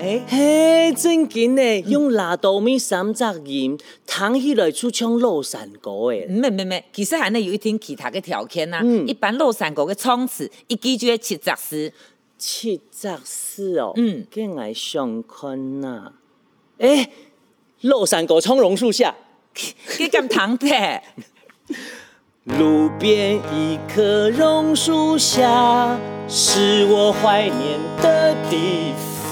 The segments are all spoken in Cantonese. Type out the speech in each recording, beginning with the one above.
哎、欸，嘿，正經的、嗯，用辣豆米三扎鹽，躺起來出腔老山歌的。唔，唔，唔，其實還有一條其他的條件呐、啊嗯，一般老山歌的衝刺，一記就要七十四、七十四哦。嗯，梗愛上寬呐。哎、欸，老山歌葱榕樹下，你敢躺的？ 路邊一棵榕樹下，是我懷念的地方。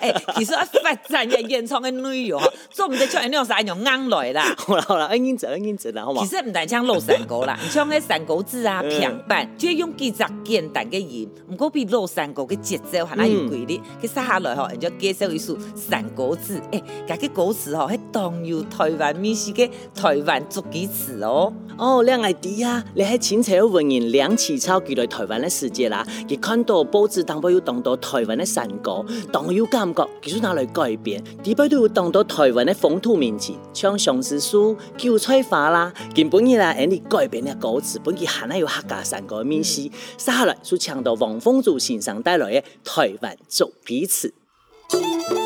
哎， 其實要發展嘅原創嘅內容，做唔到像你咁樣硬來啦。好啦好啦，認真認真啦，好嘛。其實唔單唱《老山歌》啦，唱《嘿山歌子》啊、平板、嗯，就用幾隻簡單嘅音，唔過比《老山歌》嘅節奏還要有規律。佢撒下來吼，人家介紹一首《山歌子》啊。哎，介個歌詞吼喺當有台灣美食嘅台灣竹枝詞哦、喔。哦、oh,，兩阿弟啊，你喺前次問人梁啟超來台灣嘅時節啦，你看到報紙當鋪有當到台灣嘅山歌，當有。感覺，其實拿來改變，點解都要當到台灣的風土民情，像《相思曲，叫吹花啦，根本以嚟嚟改變的。個詞，本期下呢有客家山歌的名詞，接、嗯、下來就唱到王鳳珠先生帶來的台灣竹枝詞。嗯